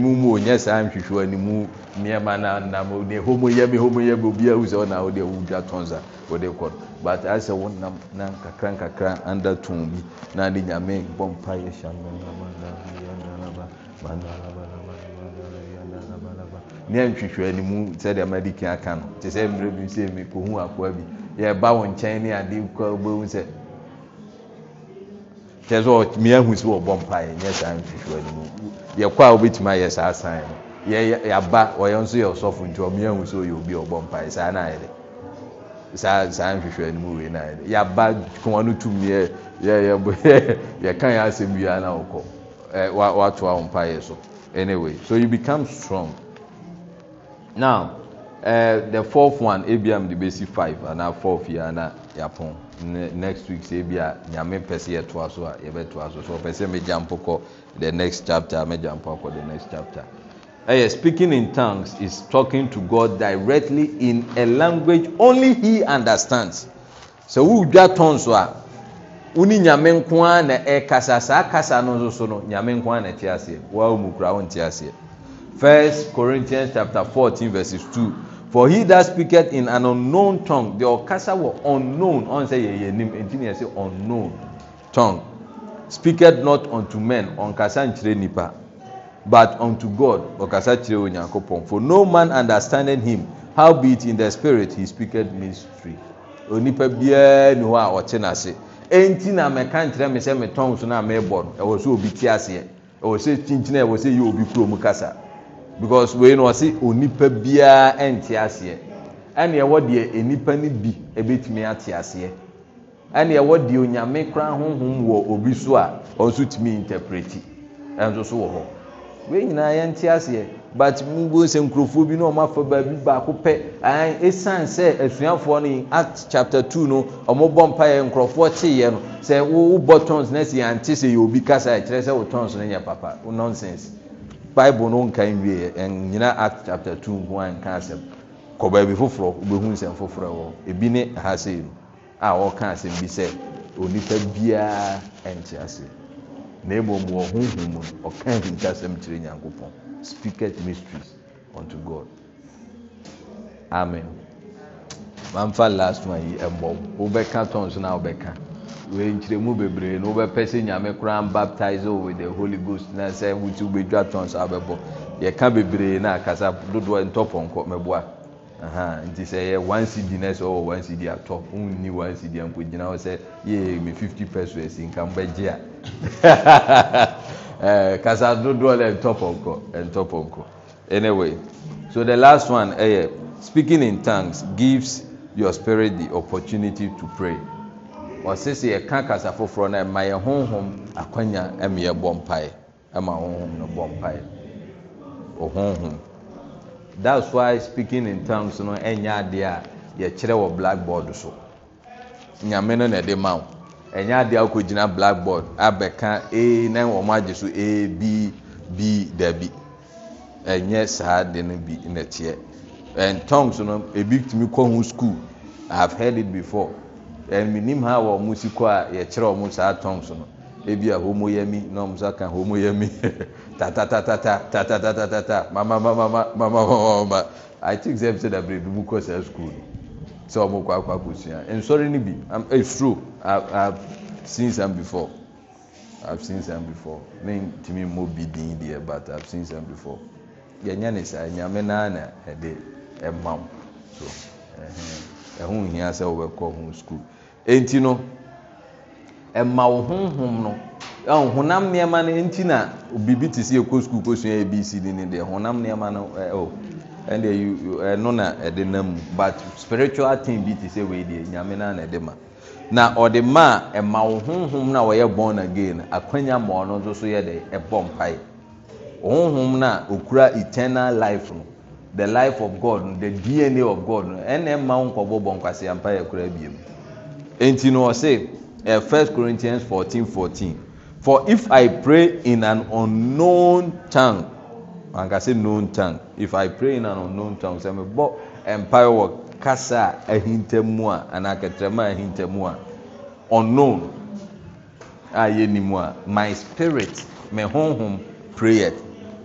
S1: muo nyɛ saa nhwewnem ɛma nomsoewdwa tɔsa wodebt sɛ wonankakrakakra andeto bi nade nyame bɔmpayɛ a nea nhwehwane mu sɛde made ka ka no nt sɛmɛk akabi yɛba o nkyɛnneadesɛɛɛmeahu sɛ ɔbɔ mpaɛ ɛsaa nhwwane mu yɛkɔ a wobɛtumi ayɛ saa sa no ɛbɔyɛ so yɛsɔf ntimahusɔyɛbɔɔmpaɛ sa yɛsaa nhwewanmɛyɛba ano tyɛkaɛasɛmiano ɔkɔwatoa ɔ mpaɛ so nway so you become strong now eh, the fourth one ebi am de bɛsi five anaa fourth yi ana yapon next week sɛ ebi a nyame pɛ sɛ yɛtoa so a to so so ɔpɛ sɛ megya mpo the next chapter megya jump akɔ the next chapter ɛyɛ eh, speaking in tongues is talking to God directly in a language only he understands sɛ wudwa tɔn so a woni nyame nko ara e ɛkasa saa kasa no nso so no nyame nko na ɛte aseɛ wɔn mu kura wɔn te aseɛ. 1 Corinthians chapter 14 verses 2 for he that speaketh in an unknown tongue the ɔkasa wɔ unknown ɔn sɛ yɛ yɛ nim nti na yɛ sɛ unknown tongue speaketh not unto men ɔnkasa nkyerɛ nipa but unto God ɔkasa kyerɛ onyankopɔn for no man understanding him howbeit in the spirit he speaketh mystery onipa biara ni hɔ a ɔte n'ase enti na mɛka nkyerɛ mi sɛ mi tɔn so na mɛbɔ no ɛwɔ sɛ obi ti aseɛ ɛwɔ sɛ kyinkyin ɛwɔ sɛ yɛ obi kuro mu kasa. because wei no ɔse onipa biara ɛnte aseɛ ɛneɛ wɔ deɛ ɛnipa no bi ebitumi ate aseɛ ɛneɛ ɛwɔ deɛ onyame kora honhom wɔ obi so a ɔ nso tumi interpreti ɛnso so wɔ hɔ wei nyinaa yɛnte aseɛ but mubu sɛ nkurɔfoɔ bi na ɔmo afa baabi baako pɛ esan sɛ asuafoɔ no act chapter 2 no mpa yɛ nkurɔfoɔ yɛ no sɛ wobɔ tons no si yɛante sɛ yɛ obi kasa ɛkyerɛ sɛ wo tons no nyɛ papa nonsense bible no nka nwie nyina act chapter two nko a nka asɛm kɔ baabi foforɔ wobɛhu nsɛm foforɔ wɔ ebi ne ha sei no a ɔka asɛm bi sɛ onipa biara ɛnte ase na mmom wɔ huhu mu no ɔka ahintasɛm kyerɛ nyankopɔn speaketh mysteries unto god amen mamfa last one yi ɛmmɔ wobɛka tɔn so na wobɛka wei nkyerɛmu bebree no wobɛpɛ sɛ nyame koraa baptize o with the holy ghost na sɛ wotu wobɛdwa tons abɛbɔ yɛka bebree na akasa dodoɔ ntɔpɔnkɔ mɛboa nti sɛ yɛ one cd na sɛ ɔwɔ one cd atɔ nni one cd anko gyina hɔ sɛ yɛɛ me fifty pesos nka mbɛgye a ɛɛ eh, kasa dodoɔ lɛ ntɔpɔnkɔ ntɔpɔnkɔ anyway so the last one ɛyɛ speaking in tongues gives your spirit the opportunity to pray. ɔse sɛ yɛka kasa foforɔ no ɛma yɛ honhom akwanya meyɛ bɔ mpae ma honhom no bɔ mpae thats why speaking in tongues no ɛnyɛ adeɛ a yɛkyerɛ wɔ blackboard so nyame no ne de ma wo ɛnyɛ adeɛ a wokɔgyina blackboard abɛka a na wɔm agye so b daabi ɛnyɛ saa de no bi nɛteɛ and tongues no ebi tumi kɔ ho school i have heard it before Eh, menim ha wɔ mo si kɔ a yɛkyerɛ ɔ m saa tɔn so no bia homya mi ne ɔm s aka hmya mi mma i tsɛmsɛdabrɛbi mukɔ saa skul no sɛ ɔmkɔakakɔsua ɛnsɔre no bi istr sen san before en san befoe me ntumi mmɔ bidin deɛ bt i sen san befoe yɛnyane saa nyamenoa no ɛde ma mo s hohia sɛ wobɛkɔ ho sukuul ɛnti no ɛma wo honhom no honam nnoɔma no ɛnti na biribi te sɛ yɛkɔ sukuul kɔsua yɛbisidi no deɛ honam nnoɔma no ɛndeɛɛno na ɛde nam mu but spiritual tin bi te sɛ wei deɛ nyame no ana ɛde ma na ɔde ma a ɛma wo honhom no a wɔyɛ bɔn again akwanya mmaɔ no nso so yɛde ɛbɔ mpae honhom no a ɔkura eternal life no the life of god the dna of god no ɛnɛ ma wo nkɔbɔbɔ nkwasea mpayɛ koraa biemu nti no ɔse eh, ɛ First Corinthians fourteen fourteen for if I pray in an unknown tongue ankasa known tongue if I pray in an unknown tongue sɛ mebɔ mpae wɔ kasa a ahintamu a anaa kɛtɛrɛma a a unknown a yɛ ni mu a my spirit my honhom it.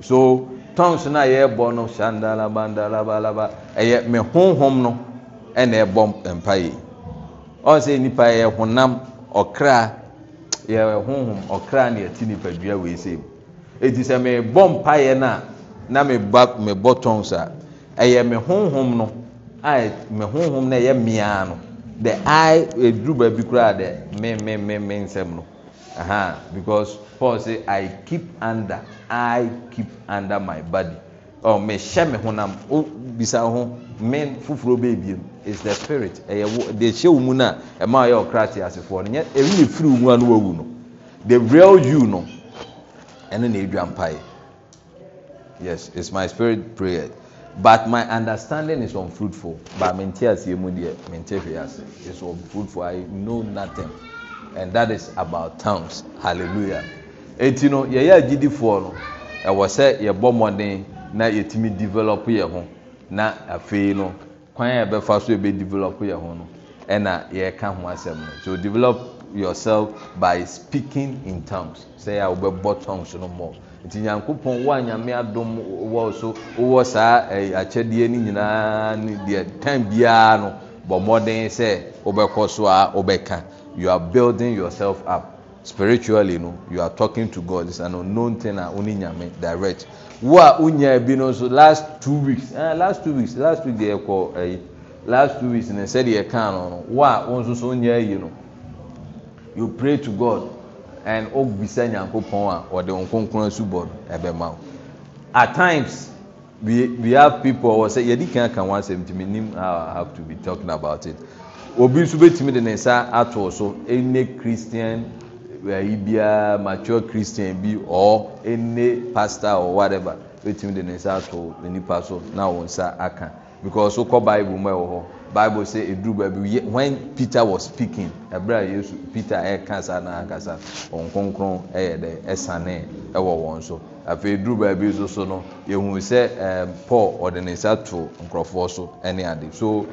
S1: so tongues no a yɛrebɔ no shandala bandala balaba ɛyɛ my honhom no ɛna ɛbɔ mpae ɔn sɛ nipa yɛ honam ɔkra yɛ honhom ɔkra ne ɛti nipadua wei sɛ mu ɛti sɛ mebɔ mpayɛ no a na mebɔ tɔn so a ɛyɛ me honhom no me honhom no ɛyɛ mmeaa no the i ɛduru baabi koraa dɛ me nsɛm no because paul say i keep under i keep under my body Oh, mehyɛ me honam wobisa oh, ho me foforɔ bɛɛbiem is the spirit eh, de hyɛ wo mu eh, eh, no a ɛma ɔyɛ ɔkrate asefoɔ no ɛwine firi wu a no wawu no the real you no ɛno ne ɛdwa mpaeɛ yes it's my spirit prayer but my understanding is unfruitful but mente aseɛ mu deɛ mente hwee ase it's unfruitful i know nothing and that is about tongues hallelujah eti no yɛyɛ agyidifoɔ no ɛwɔ sɛ yɛbɔ mmɔden na yɛtumi develop yɛ ho na afei no kwan a yɛbɛfa so yɛbɛ develop yɛ ho no ɛna yɛka ho asɛm no so develop yourself by speaking in terms sɛ yɛ a wobɛbɔ tongues no more nti nyankopɔn wo a nyame adom wɔ so wowɔ saa eh, akyɛdeɛ no nyinaa no deɛ time biara no bɔ mmɔden sɛ wobɛkɔ so a wobɛka you are building yourself up spiritually no you are talking to god it's an unknown thing a wo ne nyame direct wo unya wonyaa no nso last two weeks eh, last two weeks last week deɛ ɛkɔ ɛyi last two weeks ne sɛdeɛ ɛkaa no no wo a wo nso so no you pray to God and obisa nyankopɔn a ɔde wɔn nkonkron so bɔ ma. wo at times we we have people wɔ sɛ yɛde kan kan one seventy nim how I have to be talking about it obi nso betumi de ne nsa ato so ɛne Christian ayi biara mature christian bi or any pastor or whatever wetin de ne nsa ato nipa so na wɔn nsa aka because okɔ bible mu ɛwɔ hɔ bible say eduru baabi when peter was speaking ɛbɛrɛ a yesu peter ɛka sa na akasa wɔn kronkron ɛyɛ dɛ ɛsane ɛwɔ wɔn so afei eduru baabi nso so no ehun sɛ ɛɛ paul ɔde ne nsa to nkorɔfoɔ so ɛne ade so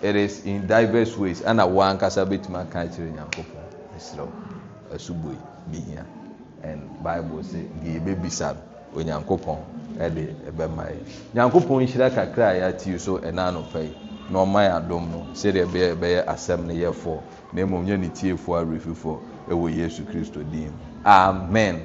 S1: it is in diverse ways ɛna wɔn ankasa betumi aka akyerɛ nyankopɔn ɛsrɛ wɔn asubɔ yi mihia and bible sɛ deɛ yɛbɛbisa no onyankopɔn ɛde ɛbɛma yɛ nyankopɔn nhyira kakra a yɛate so ɛna anɔpa yi na ɔma yɛ adom no sɛdeɛ ɛbɛyɛ ɛbɛyɛ asɛm no yɛfoɔ na mmom nyɛ ne tiefoɔ awerɛfifoɔ ɛwɔ yesu kristo din amen.